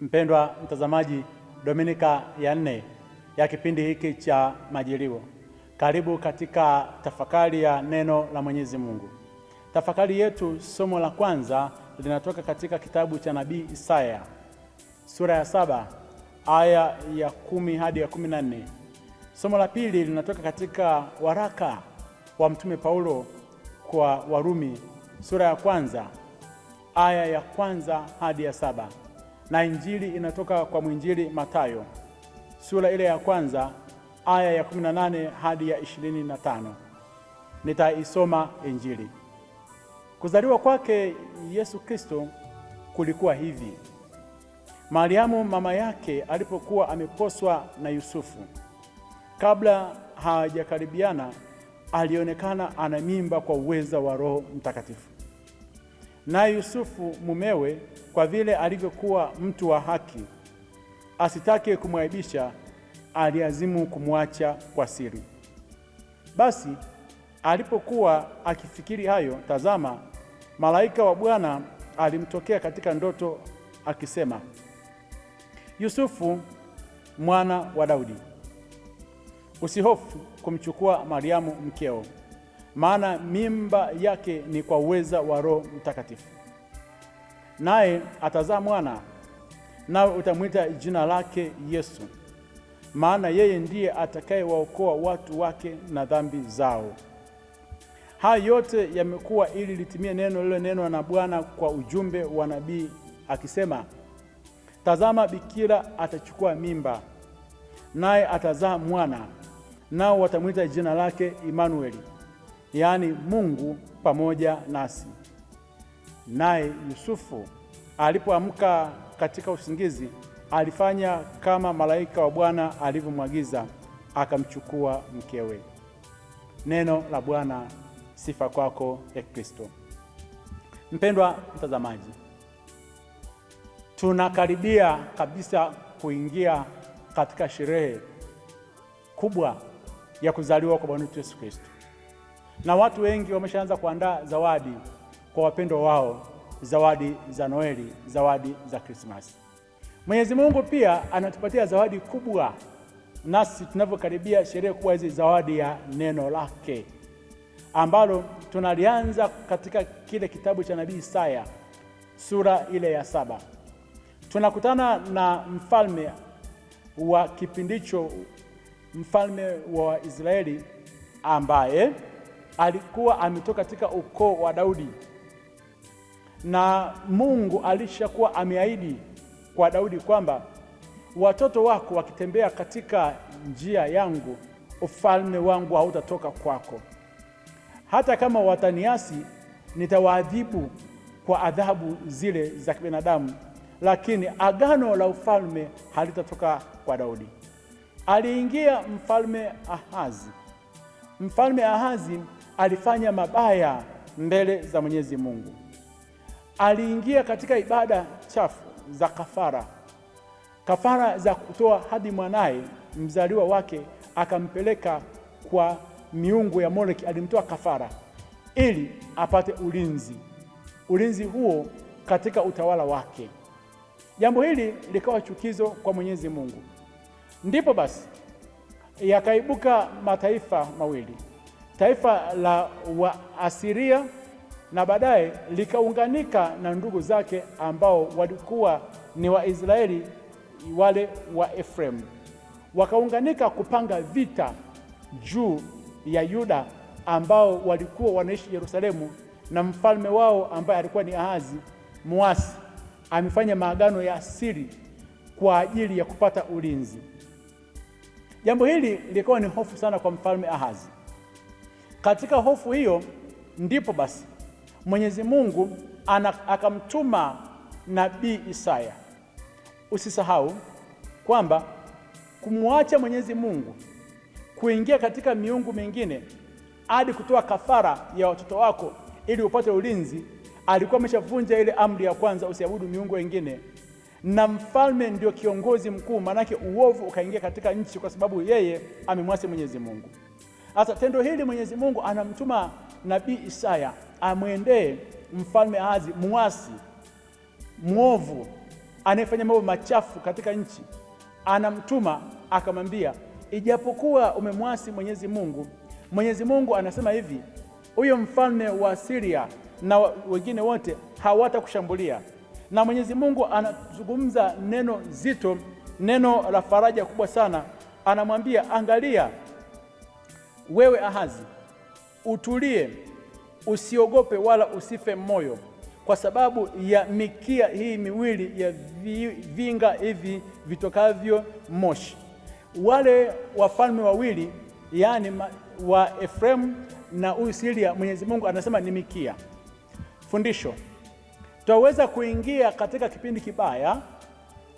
Mpendwa mtazamaji, Dominika ya nne ya kipindi hiki cha Majilio, karibu katika tafakari ya neno la Mwenyezi Mungu. Tafakari yetu, somo la kwanza linatoka katika kitabu cha nabii Isaya sura ya saba aya ya kumi hadi ya kumi na nne. Somo la pili linatoka katika waraka wa Mtume Paulo kwa Warumi sura ya kwanza aya ya kwanza hadi ya saba na injili inatoka kwa mwinjili Mathayo sura ile ya kwanza aya ya 18 hadi ya 25. Nitaisoma injili. Kuzaliwa kwake Yesu Kristo kulikuwa hivi: Mariamu mama yake alipokuwa ameposwa na Yusufu, kabla hawajakaribiana, alionekana ana mimba kwa uweza wa Roho Mtakatifu naye Yusufu mumewe, kwa vile alivyokuwa mtu wa haki, asitake kumwaibisha, aliazimu kumwacha kwa siri. Basi alipokuwa akifikiri hayo, tazama, malaika wa Bwana alimtokea katika ndoto akisema, Yusufu mwana wa Daudi, usihofu kumchukua Mariamu mkeo maana mimba yake ni kwa uweza wa Roho Mtakatifu. Naye atazaa mwana, nawe utamwita jina lake Yesu, maana yeye ndiye atakayewaokoa watu wake na dhambi zao. Haya yote yamekuwa ili litimie neno lililonenwa na Bwana kwa ujumbe wa nabii akisema, tazama, bikira atachukua mimba, naye atazaa mwana, nao watamwita jina lake Imanueli yaani Mungu pamoja nasi. Naye Yusufu alipoamka katika usingizi, alifanya kama malaika wa Bwana alivyomwagiza, akamchukua mkewe. Neno la Bwana. Sifa kwako ya e Kristo. Mpendwa mtazamaji, tunakaribia kabisa kuingia katika sherehe kubwa ya kuzaliwa kwa Bwana wetu Yesu Kristo na watu wengi wameshaanza kuandaa zawadi kwa wapendwa wao, zawadi za Noeli, zawadi za Krismasi. Mwenyezi Mungu pia anatupatia zawadi kubwa, nasi tunavyokaribia sherehe kubwa hizi, zawadi ya neno lake ambalo tunalianza katika kile kitabu cha nabii Isaya sura ile ya saba. Tunakutana na mfalme wa kipindicho, mfalme wa Israeli ambaye alikuwa ametoka katika ukoo wa Daudi na Mungu alishakuwa ameahidi kwa Daudi kwamba watoto wako wakitembea katika njia yangu, ufalme wangu hautatoka kwako. Hata kama wataniasi, nitawaadhibu kwa adhabu zile za kibinadamu, lakini agano la ufalme halitatoka kwa Daudi. Aliingia mfalme Ahazi. Mfalme Ahazi alifanya mabaya mbele za Mwenyezi Mungu. Aliingia katika ibada chafu za kafara, kafara za kutoa hadi mwanaye mzaliwa wake akampeleka kwa miungu ya Moleki, alimtoa kafara ili apate ulinzi, ulinzi huo katika utawala wake. Jambo hili likawa chukizo kwa Mwenyezi Mungu, ndipo basi yakaibuka mataifa mawili taifa la Waasiria na baadaye likaunganika na ndugu zake ambao walikuwa ni Waisraeli wale wa Efraimu, wakaunganika kupanga vita juu ya Yuda ambao walikuwa wanaishi Yerusalemu, na mfalme wao ambaye alikuwa ni Ahazi muasi amefanya maagano ya siri kwa ajili ya kupata ulinzi. Jambo hili likawa ni hofu sana kwa mfalme Ahazi. Katika hofu hiyo ndipo basi Mwenyezi Mungu ana, akamtuma nabii Isaya. Usisahau kwamba kumwacha Mwenyezi Mungu, kuingia katika miungu mingine, hadi kutoa kafara ya watoto wako ili upate ulinzi, alikuwa ameshavunja ile amri ya kwanza, usiabudu miungu wengine, na mfalme ndio kiongozi mkuu, maanake uovu ukaingia katika nchi kwa sababu yeye amemwasi Mwenyezi Mungu. Sasa tendo hili Mwenyezi Mungu anamtuma nabii Isaya amwendee mfalme Ahazi, muasi mwovu, anayefanya mambo machafu katika nchi, anamtuma akamwambia, ijapokuwa umemwasi Mwenyezi Mungu, Mwenyezi Mungu anasema hivi, huyo mfalme wa Siria na wengine wote hawatakushambulia. Na Mwenyezi Mungu anazungumza neno zito, neno la faraja kubwa sana, anamwambia angalia wewe Ahazi, utulie, usiogope wala usife moyo kwa sababu ya mikia hii miwili ya vinga hivi vitokavyo moshi. Wale wafalme wawili yaani wa Efraimu na huyu Siria, Mwenyezi Mungu anasema ni mikia. Fundisho, twaweza kuingia katika kipindi kibaya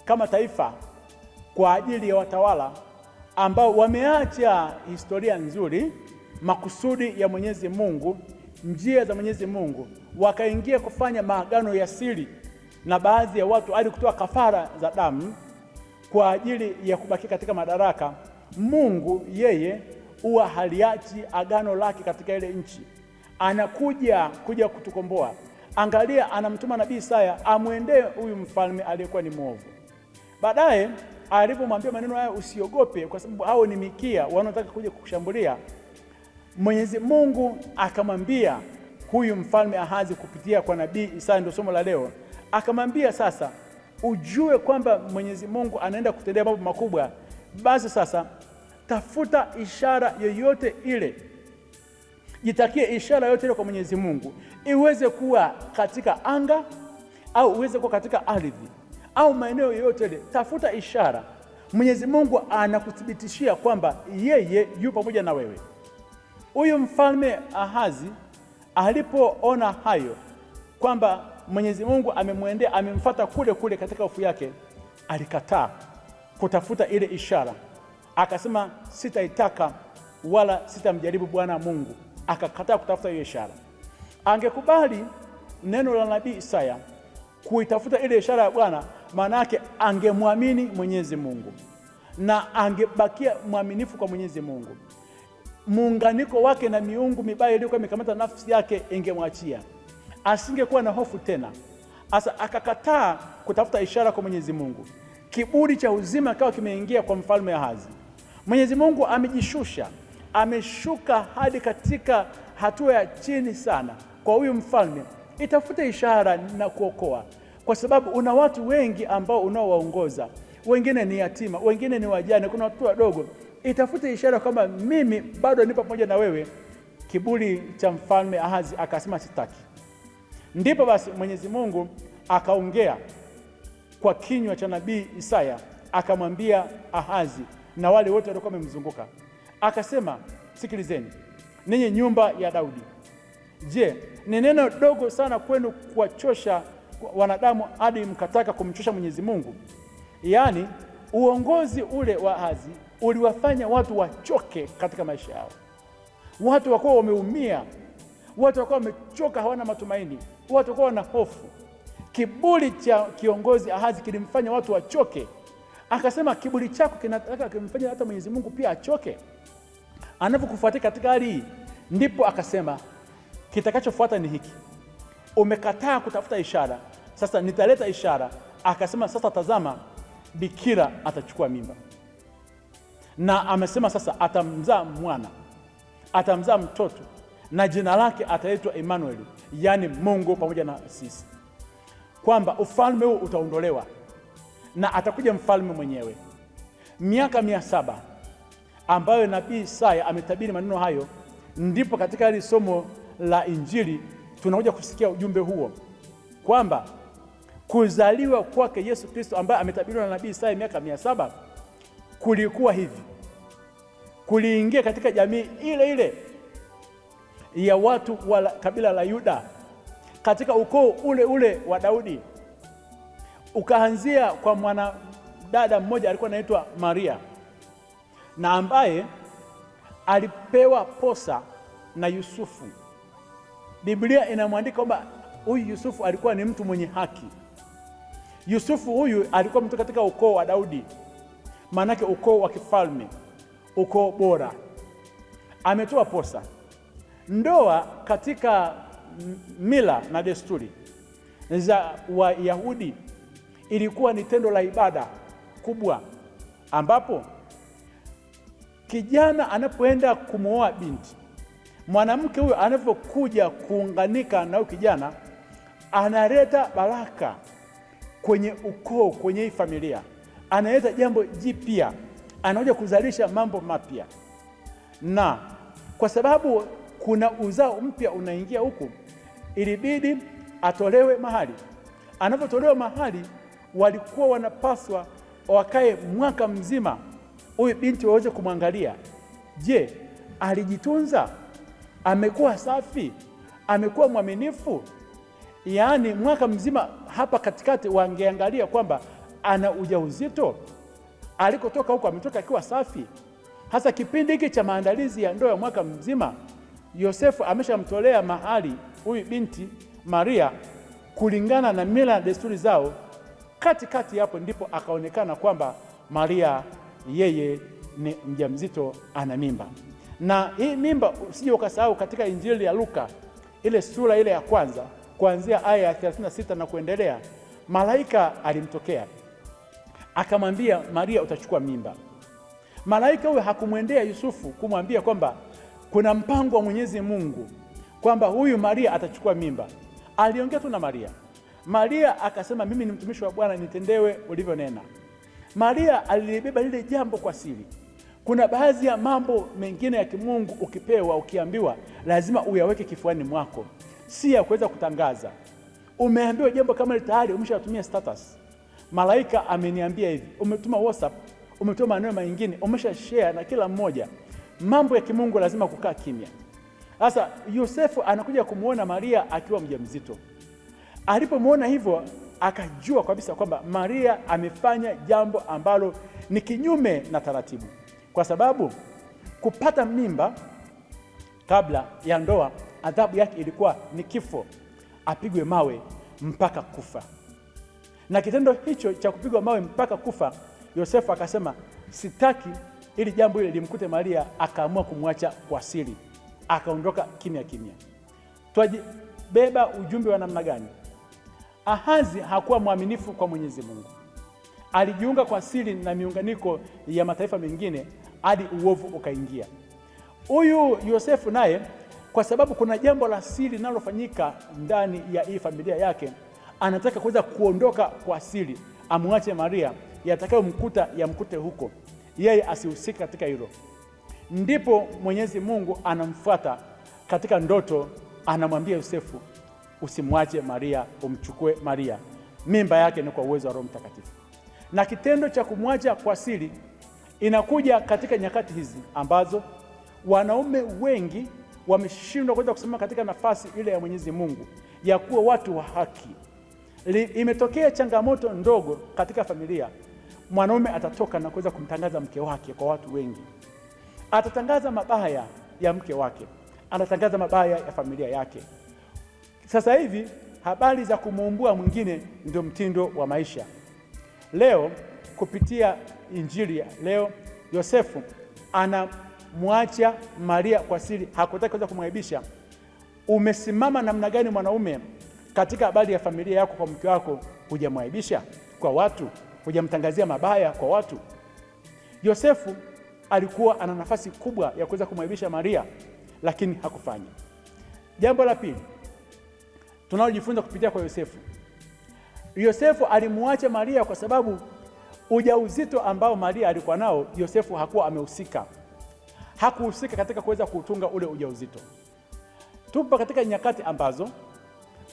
kama taifa kwa ajili ya watawala ambao wameacha historia nzuri, makusudi ya Mwenyezi Mungu, njia za Mwenyezi Mungu, wakaingia kufanya maagano ya siri na baadhi ya watu hadi kutoa kafara za damu kwa ajili ya kubaki katika madaraka. Mungu yeye huwa haliachi agano lake katika ile nchi, anakuja kuja kutukomboa. Angalia, anamtuma nabii Isaya amwendee huyu mfalme aliyekuwa ni mwovu. Baadaye alipomwambia maneno haya, usiogope kwa sababu hao ni mikia wanaotaka kuja kukushambulia, Mwenyezi Mungu akamwambia huyu mfalme Ahazi kupitia kwa nabii Isaya, ndio somo la leo. Akamwambia sasa, ujue kwamba Mwenyezi Mungu anaenda kutendea mambo makubwa, basi sasa tafuta ishara yoyote ile, jitakie ishara yoyote ile kwa Mwenyezi Mungu, iweze kuwa katika anga au iweze kuwa katika ardhi au maeneo yoyote ile, tafuta ishara. Mwenyezi Mungu anakuthibitishia kwamba yeye yu pamoja na wewe. Huyu mfalme Ahazi alipoona hayo kwamba Mwenyezi Mungu amemwendea amemfata kule kule katika hofu yake, alikataa kutafuta ile ishara, akasema sitaitaka wala sitamjaribu Bwana Mungu, akakataa kutafuta hiyo ishara. Angekubali neno la nabii Isaya kuitafuta ile ishara ya Bwana maana yake angemwamini Mwenyezi Mungu na angebakia mwaminifu kwa Mwenyezi Mungu. Muunganiko wake na miungu mibaya iliyokuwa imekamata nafsi yake ingemwachia, asingekuwa na hofu tena. Asa akakataa kutafuta ishara kwa Mwenyezi Mungu, kiburi cha uzima kawa kimeingia kwa mfalme Ahazi. Mwenyezi Mungu amejishusha, ameshuka hadi katika hatua ya chini sana kwa huyu mfalme, itafute ishara na kuokoa kwa sababu una watu wengi ambao unaowaongoza. Wengine ni yatima, wengine ni wajane, kuna watoto wadogo. Itafute ishara kwamba mimi bado nipo pamoja na wewe. Kiburi cha mfalme Ahazi akasema sitaki. Ndipo basi Mwenyezi Mungu akaongea kwa kinywa cha nabii Isaya akamwambia Ahazi na wale wote waliokuwa wamemzunguka, akasema, sikilizeni ninyi nyumba ya Daudi, je, ni neno dogo sana kwenu kuwachosha wanadamu hadi mkataka kumchosha Mwenyezi Mungu. Yaani uongozi ule wa Ahazi uliwafanya watu wachoke katika maisha yao, watu wakuwa wameumia, watu wakuwa wamechoka, hawana matumaini, watu wakuwa wana hofu. Kiburi cha kiongozi Ahazi kilimfanya watu wachoke. Akasema kiburi chako kinataka kimfanya hata Mwenyezi Mungu pia achoke. anavyokufuatia katika hali hii, ndipo akasema kitakachofuata ni hiki umekataa kutafuta ishara, sasa nitaleta ishara. Akasema sasa, tazama, bikira atachukua mimba, na amesema sasa atamzaa mwana, atamzaa mtoto na jina lake ataitwa Emmanuel, yaani Mungu pamoja na sisi, kwamba ufalme huu utaondolewa na atakuja mfalme mwenyewe. Miaka mia saba ambayo nabii Isaya ametabiri maneno hayo, ndipo katika hili somo la Injili tunakuja kusikia ujumbe huo kwamba kuzaliwa kwake Yesu Kristo ambaye ametabiriwa na nabii Isaya miaka mia saba kulikuwa hivi, kuliingia katika jamii ile ile ya watu wa kabila la Yuda katika ukoo ule ule wa Daudi, ukaanzia kwa mwanadada mmoja alikuwa anaitwa Maria na ambaye alipewa posa na Yusufu Biblia inamwandika kwamba huyu Yusufu alikuwa ni mtu mwenye haki. Yusufu huyu alikuwa mtu katika ukoo wa Daudi, maanake ukoo wa kifalme, ukoo bora. Ametoa posa. Ndoa katika mila na desturi za Wayahudi ilikuwa ni tendo la ibada kubwa, ambapo kijana anapoenda kumwoa binti mwanamke huyo anapokuja kuunganika na huyo kijana, analeta baraka kwenye ukoo, kwenye hii familia, analeta jambo jipya, anakuja kuzalisha mambo mapya. Na kwa sababu kuna uzao mpya unaingia huku, ilibidi atolewe mahali. Anapotolewa mahali, walikuwa wanapaswa wakae mwaka mzima, huyu binti waweze kumwangalia, je, alijitunza amekuwa safi, amekuwa mwaminifu. Yaani mwaka mzima hapa katikati wangeangalia kwamba ana ujauzito, alikotoka huko ametoka akiwa safi. Hasa kipindi hiki cha maandalizi ya ndoa ya mwaka mzima, Yosefu ameshamtolea mahali huyu binti Maria kulingana na mila na desturi zao. Katikati hapo ndipo akaonekana kwamba Maria yeye ni mjamzito, ana mimba. Na hii mimba usije ukasahau katika Injili ya Luka ile sura ile ya kwanza kuanzia aya ya 36 na kuendelea, malaika alimtokea akamwambia Maria, utachukua mimba. Malaika huyo hakumwendea Yusufu kumwambia kwamba kuna mpango wa Mwenyezi Mungu kwamba huyu Maria atachukua mimba. Aliongea tu na Maria. Maria akasema, mimi ni mtumishi wa Bwana, nitendewe ulivyonena. Maria alilibeba lile jambo kwa siri. Kuna baadhi ya mambo mengine ya kimungu ukipewa, ukiambiwa, lazima uyaweke kifuani mwako, si ya kuweza kutangaza. Umeambiwa jambo kama hili tayari umeshatumia status, malaika ameniambia hivi, umetuma WhatsApp, umetuma maneno mengine, umesha share na kila mmoja. Mambo ya kimungu lazima kukaa kimya. Sasa Yosefu anakuja kumwona Maria akiwa mjamzito. Alipomwona hivyo, akajua kabisa kwamba Maria amefanya jambo ambalo ni kinyume na taratibu kwa sababu kupata mimba kabla ya ndoa adhabu yake ilikuwa ni kifo, apigwe mawe mpaka kufa. Na kitendo hicho cha kupigwa mawe mpaka kufa, Yosefu akasema sitaki ili jambo hili limkute Maria, akaamua kumwacha kwa siri, akaondoka kimya kimya. Twajibeba ujumbe wa namna gani? Ahazi hakuwa mwaminifu kwa Mwenyezi Mungu, alijiunga kwa siri na miunganiko ya mataifa mengine hadi uovu ukaingia. Huyu Yosefu naye, kwa sababu kuna jambo la siri linalofanyika ndani ya hii familia yake, anataka kuweza kuondoka kwa siri, amwache Maria, yatakayomkuta yamkute huko, yeye asihusike katika hilo. Ndipo Mwenyezi Mungu anamfuata katika ndoto, anamwambia Yosefu, usimwache Maria, umchukue Maria, mimba yake ni kwa uwezo wa Roho Mtakatifu. Na kitendo cha kumwacha kwa siri inakuja katika nyakati hizi ambazo wanaume wengi wameshindwa kuweza kusimama katika nafasi ile ya Mwenyezi Mungu ya kuwa watu wa haki. Imetokea changamoto ndogo katika familia, mwanaume atatoka na kuweza kumtangaza mke wake kwa watu wengi, atatangaza mabaya ya mke wake, anatangaza mabaya ya familia yake. Sasa hivi habari za kumuumbua mwingine ndio mtindo wa maisha leo kupitia Injili ya leo, Yosefu anamwacha Maria kwa siri, hakutaki kuweza kumwaibisha. Umesimama namna gani mwanaume katika habari ya familia yako kwa mke wako? Hujamwaibisha kwa watu, hujamtangazia mabaya kwa watu. Yosefu alikuwa ana nafasi kubwa ya kuweza kumwaibisha Maria, lakini hakufanya. Jambo la pili tunalojifunza kupitia kwa Yosefu, Yosefu alimwacha Maria kwa sababu Ujauzito ambao Maria alikuwa nao, Yosefu hakuwa amehusika, hakuhusika katika kuweza kuutunga ule ujauzito. Tupo katika nyakati ambazo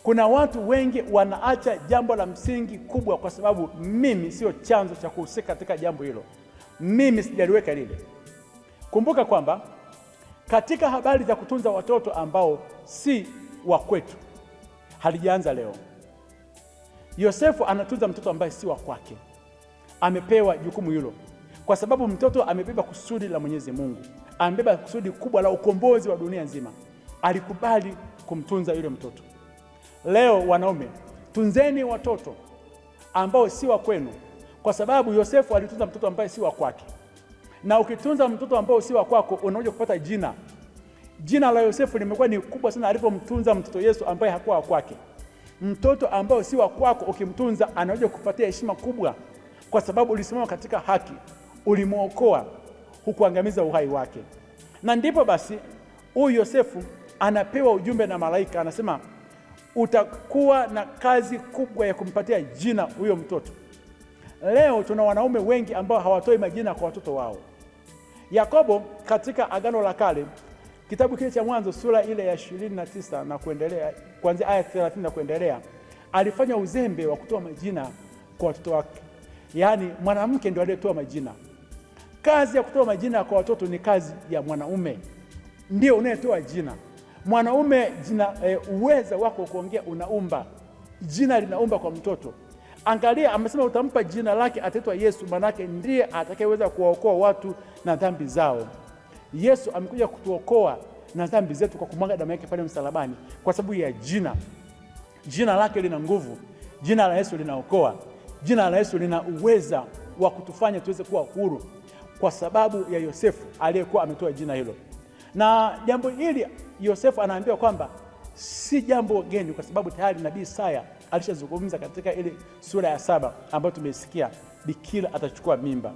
kuna watu wengi wanaacha jambo la msingi kubwa, kwa sababu mimi sio chanzo cha kuhusika katika jambo hilo, mimi sijaliweka lile. Kumbuka kwamba katika habari za kutunza watoto ambao si wa kwetu, halijaanza leo. Yosefu anatunza mtoto ambaye si wa kwake amepewa jukumu hilo, kwa sababu mtoto amebeba kusudi la Mwenyezi Mungu, amebeba kusudi kubwa la ukombozi wa dunia nzima. Alikubali kumtunza yule mtoto. Leo wanaume, tunzeni watoto ambao si wa kwenu, kwa sababu Yosefu alitunza mtoto ambaye si wa kwake, na ukitunza mtoto ambao si wa kwako unakuja kupata jina. Jina la Yosefu limekuwa ni kubwa sana alipomtunza mtoto Yesu ambaye hakuwa wa kwake. Mtoto ambao si wa kwako ukimtunza anaweza kupatia heshima kubwa kwa sababu ulisimama katika haki, ulimwokoa, hukuangamiza uhai wake. Na ndipo basi huyu Yosefu anapewa ujumbe na malaika, anasema utakuwa na kazi kubwa ya kumpatia jina huyo mtoto. Leo tuna wanaume wengi ambao hawatoi majina kwa watoto wao. Yakobo katika Agano la Kale kitabu kile cha Mwanzo sura ile ya ishirini na tisa na kuendelea, kuanzia aya 30 na kuendelea, alifanya uzembe wa kutoa majina kwa watoto wake yaani mwanamke ndio aliyetoa majina. Kazi ya kutoa majina kwa watoto ni kazi ya mwanaume, ndio unayetoa jina. Mwanaume jina e, uweza wako kuongea unaumba, jina linaumba kwa mtoto. Angalia, amesema utampa jina lake ataitwa Yesu, manake ndiye atakayeweza kuwaokoa watu na dhambi zao. Yesu amekuja kutuokoa na dhambi zetu kwa kumwaga damu yake pale msalabani, kwa sababu ya jina. Jina lake lina nguvu, jina la Yesu linaokoa. Jina la Yesu lina uweza wa kutufanya tuweze kuwa huru kwa sababu ya Yosefu aliyekuwa ametoa jina hilo. Na jambo hili Yosefu anaambiwa kwamba si jambo geni, kwa sababu tayari nabii Isaya alishazungumza katika ile sura ya saba ambayo tumesikia, bikira atachukua mimba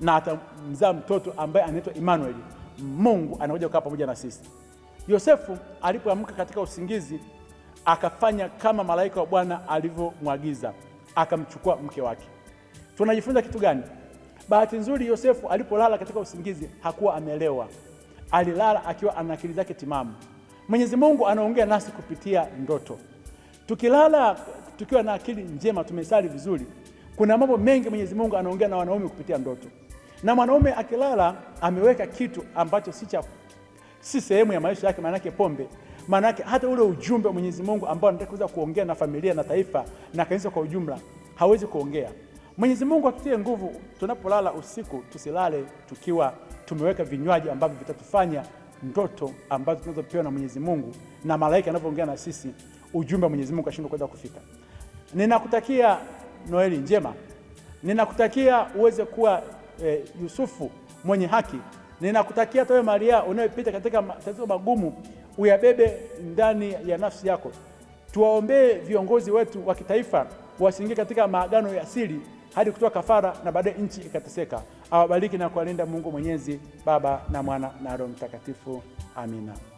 na atamzaa mtoto ambaye anaitwa Emmanuel, Mungu anakuja kukaa pamoja na sisi. Yosefu alipoamka katika usingizi akafanya kama malaika wa Bwana alivyomwagiza akamchukua mke wake. Tunajifunza kitu gani? Bahati nzuri Yosefu alipolala katika usingizi hakuwa amelewa, alilala akiwa ana akili zake timamu. Mwenyezi Mungu anaongea nasi kupitia ndoto. Tukilala tukiwa na akili njema, tumesali vizuri, kuna mambo mengi Mwenyezi Mungu anaongea na wanaume kupitia ndoto, na mwanaume akilala ameweka kitu ambacho si cha si sehemu ya maisha yake, maanake pombe yake hata ule ujumbe wa Mwenyezi Mungu ambao anataka kuweza kuongea na familia na taifa na kanisa kwa ujumla hawezi kuongea. Mwenyezi Mungu atutie nguvu, tunapolala usiku tusilale tukiwa tumeweka vinywaji ambavyo vitatufanya ndoto ambazo tunazopewa na Mwenyezi Mungu na malaika anavyoongea na sisi, ujumbe wa Mwenyezi Mungu ashindwe kuweza kufika. Ninakutakia Noeli njema, ninakutakia uweze kuwa e, Yusufu mwenye haki, ninakutakia tawe Maria unayopita katika matatizo magumu uyabebe ndani ya nafsi yako. Tuwaombee viongozi wetu wa kitaifa wasiingie katika maagano ya siri hadi kutoa kafara na baadaye nchi ikateseka. Awabariki na kuwalinda Mungu Mwenyezi, Baba na Mwana na Roho Mtakatifu. Amina.